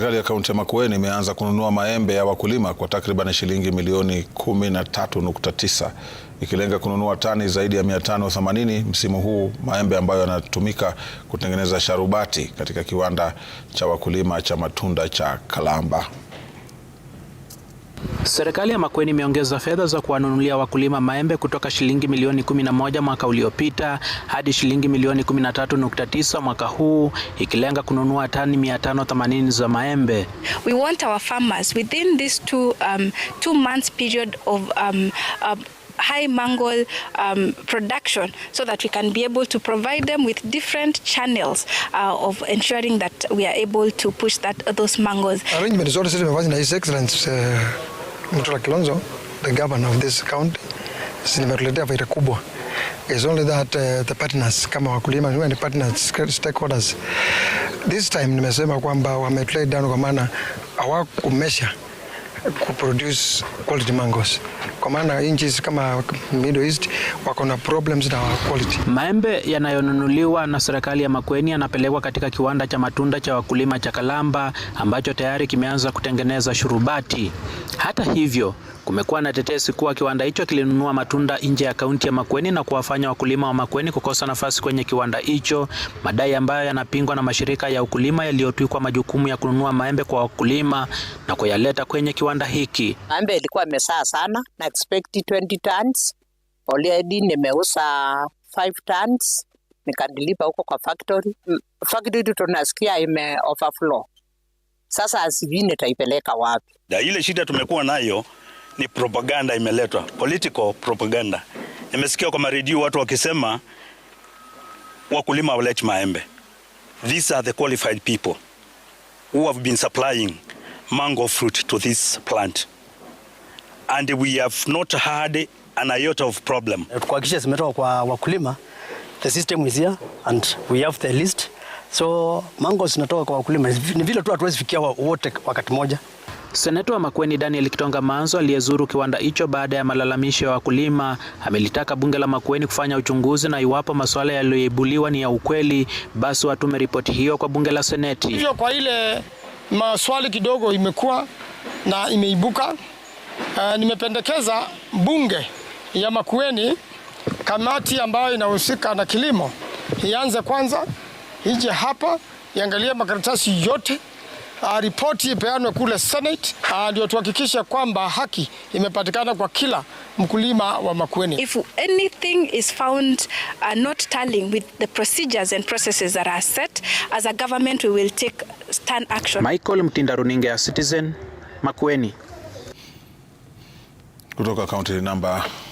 Serikali ya kaunti ya Makueni imeanza kununua maembe ya wakulima kwa takriban shilingi milioni 13.9 ikilenga kununua tani zaidi ya 580 msimu huu, maembe ambayo yanatumika kutengeneza sharubati katika kiwanda cha wakulima cha matunda cha Kalamba. Serikali ya Makueni imeongeza fedha za kuwanunulia wakulima maembe kutoka shilingi milioni 11 mwaka uliopita hadi shilingi milioni 13.9 mwaka huu ikilenga kununua tani 580 za maembe. We want our farmers within this two, um, two months period of um, uh, high mango um, production so that we can be able to provide them with different channels uh, of ensuring that we are able to push that, uh, those mangoes. Arrangement is already Mtoto Kilonzo, the governor of this county, zimetuletea faida kubwa. It's only that uh, the partners kama wakulima ni partners stakeholders. This time nimesema kwamba wameplay down kwa maana hawakumesha kuproduce quality mangoes kwa maana nchi kama Middle East wako na problems na quality. Maembe yanayonunuliwa na serikali ya Makueni yanapelekwa katika kiwanda cha matunda cha wakulima cha Kalamba ambacho tayari kimeanza kutengeneza shurubati. Hata hivyo Kumekuwa na tetesi kuwa kiwanda hicho kilinunua matunda nje ya kaunti ya Makueni na kuwafanya wakulima wa Makueni kukosa nafasi kwenye kiwanda hicho, madai ambayo yanapingwa na mashirika ya ukulima yaliyotwikwa majukumu ya kununua maembe kwa wakulima na kuyaleta kwenye kiwanda hiki. Maembe ilikuwa imesaa sana na expect 20 tons. Already nimeuza 5 tons nikadilipa huko kwa factory. Mm, factory tunasikia ime overflow. Sasa sijui nitaipeleka wapi. Da ile shida tumekuwa nayo ni propaganda imeletwa, political propaganda. Nimesikia kwa maredio watu wakisema wakulima walete maembe. These are the qualified people who have been supplying mango fruit to this plant and we have not had an iota of problem. Eh, kuhakikisha zimetoka kwa wakulima, the system is here and we have the list so mango zinatoka kwa wakulima. Ni vile tu hatuwezi fikia wote wakati moja. Seneta wa Makueni Daniel Kitonga Manzo aliyezuru kiwanda hicho baada ya malalamisho ya wakulima amelitaka bunge la Makueni kufanya uchunguzi na iwapo masuala yaliyoibuliwa ni ya ukweli, basi watume ripoti hiyo kwa bunge la Seneti. Hivyo kwa ile maswali kidogo imekuwa na imeibuka, uh, nimependekeza bunge ya Makueni kamati ambayo inahusika na kilimo ianze kwanza, ije hapa iangalie makaratasi yote Ah, ripoti ipeanwe kule Senate ah, ndio tuhakikishe kwamba haki imepatikana kwa kila mkulima wa Makueni. If anything is found uh, not tallying with the procedures and processes that are set as a government we will take stern action. Michael Mtinda, runinga ya Citizen, Makueni. Kutoka kaunti namba